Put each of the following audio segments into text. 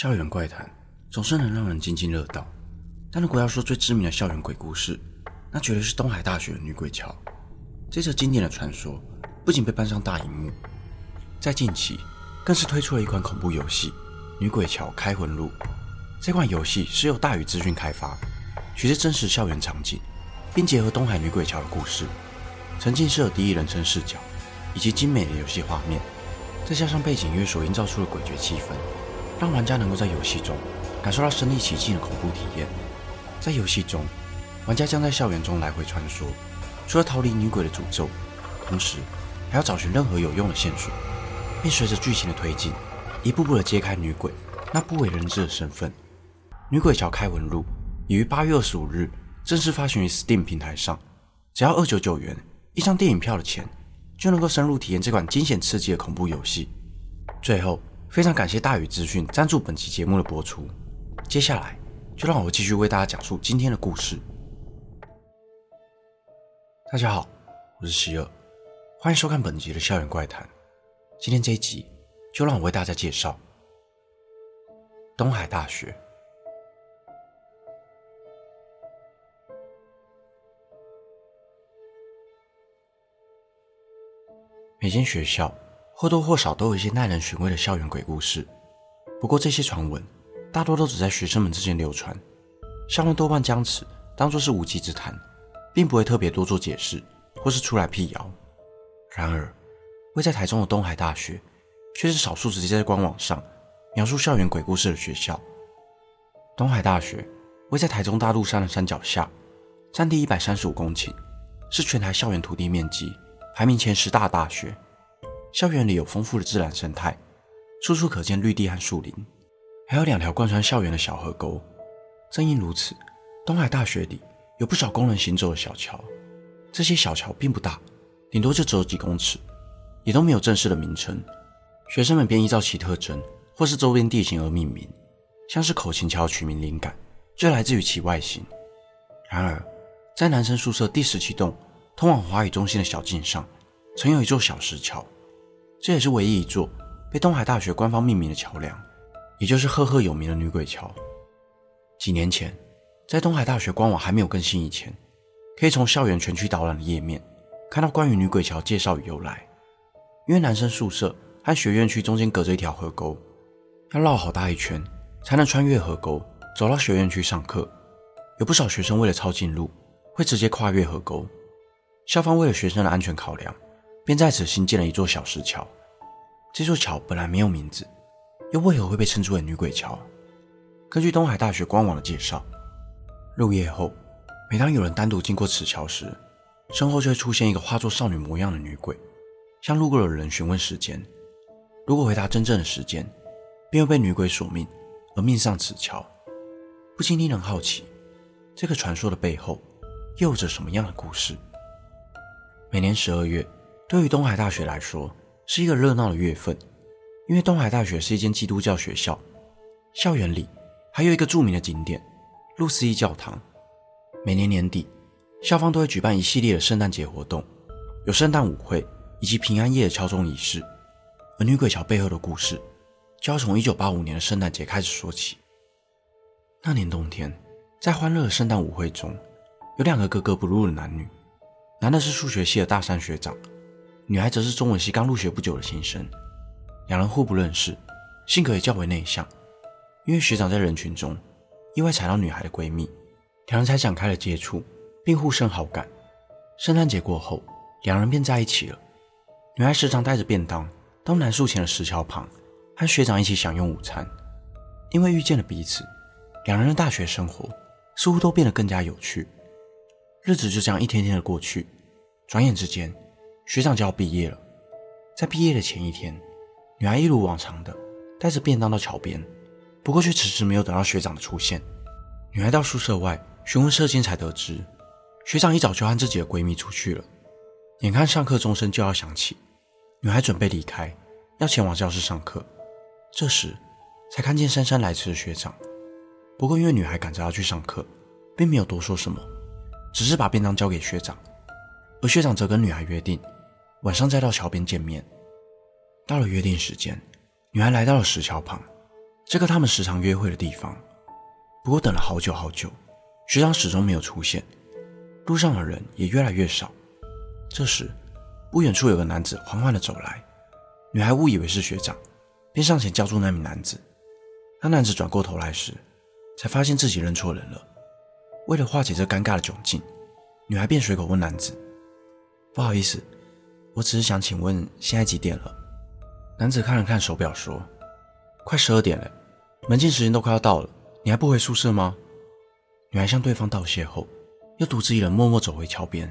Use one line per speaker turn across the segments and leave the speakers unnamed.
校園怪談總是能讓人津津樂道，但如果要說最知名的校園鬼故事，那絕對是東海大學的女鬼橋。這則經典的傳說不僅被搬上大熒幕，在近期更是推出了一款恐怖遊戲《女鬼橋開魂路》。這款遊戲是由大宇資訊開發，取自真實校園場景，並結合東海女鬼橋的故事，沉浸式的第一人稱視角，以及精美的遊戲畫面，再加上背景音樂所營造出的詭譎氣氛，讓玩家能夠在遊戲中感受到身臨其境的恐怖體驗。在遊戲中，玩家將在校園中來回穿梭，除了逃離女鬼的詛咒，同時還要找尋任何有用的線索，並隨着劇情的推進，一步步的揭開女鬼那不為人知的身份。《女鬼橋·開魂路》已於八月二十五日正式發行於 Steam 平台上，只要二九九元一張電影票的錢，就能夠深入體驗這款驚險刺激的恐怖遊戲。最後。非常感謝大宇資訊贊助本期節目的播出。接下來，就讓我繼續為大家講述今天的故事。大家好，我是希爾，歡迎收看本集的《校園怪談》。今天這一集，就讓我為大家介紹東海大學。每間學校，或多或少都有一些耐人尋味的校園鬼故事，不過這些傳聞大多都只在學生們之間流傳，校方多半將此當做是無稽之談，並不會特別多做解釋或是出來闢謠。然而，位在台中的東海大學卻是少數直接在官網上描述校園鬼故事的學校。東海大學位在台中大肚山的山腳下，占地一百三十五公頃，是全台校園土地面積排名前十大大學。校園裡有豐富的自然生態，處處可見綠地和樹林，還有兩條貫穿校園的小河溝。正因如此，東海大學裡有不少供人行走的小橋。這些小橋並不大，頂多就只有幾公尺，也都沒有正式的名稱。學生們便依照其特徵或是周邊地形而命名，像是口琴橋的取名靈感就來自於其外形。然而，在男生宿舍第十七棟通往華語中心的小徑上，曾有一座小石橋。這也是唯一一座被東海大學官方命名的橋梁，也就是赫赫有名的女鬼橋。幾年前，在東海大學官網還沒有更新以前，可以從校園全區導覽的頁面看到關於女鬼橋介紹與由來。因為男生宿舍和學院區中間隔着一條河溝，要繞好大一圈才能穿越河溝走到學院區上課。有不少學生為了抄近路，會直接跨越河溝。校方為了學生的安全考量，便在此新建了一座小石橋。這座橋本來沒有名字，又為何會被稱之為女鬼橋？根據東海大學官網的介紹，入夜後，每當有人單獨經過此橋時，身後就會出現一個化作少女模樣的女鬼，向路過的人詢問時間。如果回答真正的時間，便會被女鬼索命而命喪此橋。不禁令人好奇，這個傳說的背後又有着什麼樣的故事？每年十二月。對於東海大學來說，是一個熱鬧的月份，因為東海大學是一間基督教學校，校園裡還有一個著名的景點——路思義教堂。每年年底，校方都會舉辦一系列的聖誕節活動，有聖誕舞會以及平安夜的敲鐘儀式。而女鬼橋背後的故事，就要從一九八五年的聖誕節開始說起。那年冬天，在歡樂的聖誕舞會中，有兩個格格不入的男女，男的是數學系的大三學長。女孩則是中文系剛入學不久的新生，兩人互不認識，性格也較為內向。因為學長在人群中意外踩到女孩的閨蜜，兩人才展開了接觸，並互生好感。聖誕節過後，兩人便在一起了。女孩時常帶着便當到男宿前的石橋旁，和學長一起享用午餐。因為遇見了彼此，兩人的大學生活似乎都變得更加有趣。日子就這樣一天天的過去，轉眼之間。學長就要畢業了，在畢業的前一天，女孩一如往常的帶着便當到橋邊，不過卻遲遲沒有等到學長的出現。女孩到宿舍外詢問舍監，才得知學長一早就和自己的閨蜜出去了。眼看上課鐘聲就要響起，女孩準備離開，要前往教室上課，這時才看見姍姍來遲的學長。不過因為女孩趕着要去上課，並沒有多說什麼，只是把便當交給學長，而學長則跟女孩約定。晚上再到橋邊見面。到了約定時間，女孩來到了石橋旁，這個他們時常約會的地方。不過等了好久好久，學長始終沒有出現，路上的人也越來越少。這時，不遠處有個男子緩緩地走來，女孩誤以為是學長，便上前叫住那名男子。當男子轉過頭來時，才發現自己認錯人了。為了化解這尷尬的窘境，女孩便隨口問男子：“不好意思。”我只是想請問，現在幾點了？男子看了看手錶，說：“快十二點了，門禁時間都快要到了，你還不回宿舍嗎？”女孩向對方道謝後，又獨自一人默默走回橋邊。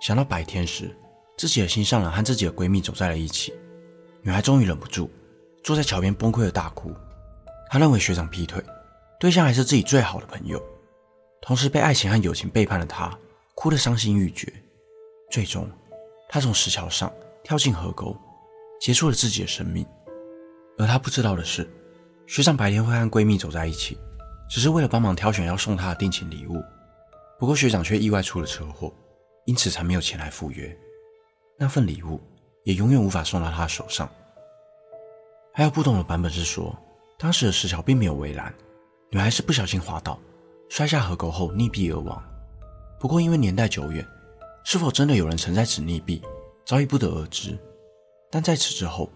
想到白天時自己的心上人和自己的閨蜜走在了一起，女孩終於忍不住坐在橋邊崩潰的大哭。她認為學長劈腿，對象還是自己最好的朋友，同時被愛情和友情背叛的她，哭得傷心欲絕，最終，她從石橋上跳進河溝，結束了自己的生命。而她不知道的是，學長白天會和閨蜜走在一起，只是為了幫忙挑選要送她的定情禮物。不過學長卻意外出了車禍，因此才沒有前來赴約。那份禮物也永遠無法送到她的手上。還有不同的版本是說，當時的石橋並沒有圍欄，女孩是不小心滑倒，摔下河溝後溺斃而亡。不過因為年代久遠，是否真的有人曾在此溺斃，早已不得而知。但在此之後，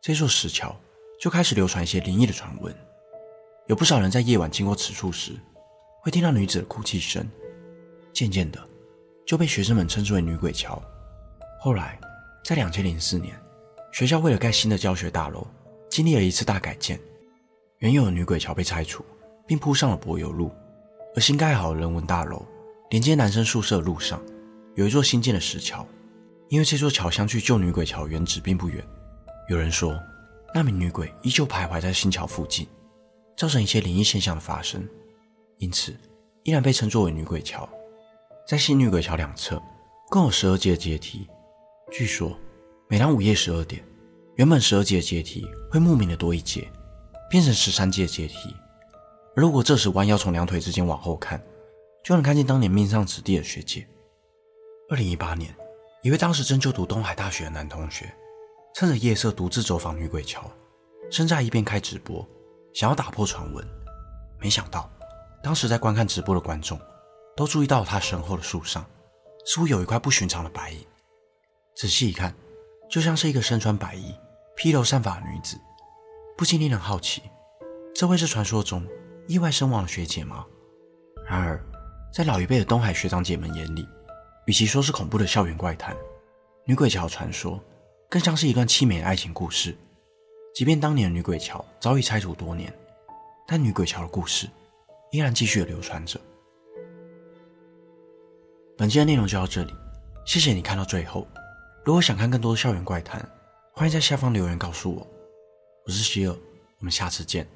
這座石橋就開始流傳一些靈異的傳聞。有不少人在夜晚經過此處時，會聽到女子的哭泣聲。漸漸的，就被學生們稱之為“女鬼橋”。後來，在2004年，學校為了蓋新的教學大樓，經歷了一次大改建，原有的女鬼橋被拆除，並鋪上了柏油路。而新蓋好的人文大樓連接男生宿舍的路上。有一座新建的石橋，因為這座橋相距舊女鬼橋原址並不遠。有人說，那名女鬼依舊徘徊在新橋附近，造成一些靈異現象的發生，因此依然被稱作為女鬼橋。在新女鬼橋兩側，共有十二階階梯。據說，每當午夜十二點，原本十二階階梯會莫名的多一階，變成十三階階梯。而如果這時彎腰從兩腿之間往後看，就能看見當年命喪此地的學姐。二零一八年，一位當時正就讀東海大學的男同學，趁着夜色獨自走訪女鬼橋，身在一邊開直播，想要打破傳聞。沒想到，當時在觀看直播的觀眾，都注意到了他身後的樹上，似乎有一塊不尋常的白影。仔細一看，就像是一個身穿白衣、披頭散髮的女子，不禁令人好奇：這位是傳說中意外身亡的學姐嗎？然而，在老一輩的東海學長姐們眼裡，與其說是恐怖的校園怪談，女鬼橋傳說，更像是一段淒美的愛情故事。即便當年的女鬼橋早已拆除多年，但女鬼橋的故事依然繼續的流傳着。本期的內容就到這裡，謝謝你看到最後。如果想看更多的校園怪談，歡迎在下方留言告訴我。我是希爾，我們下次見。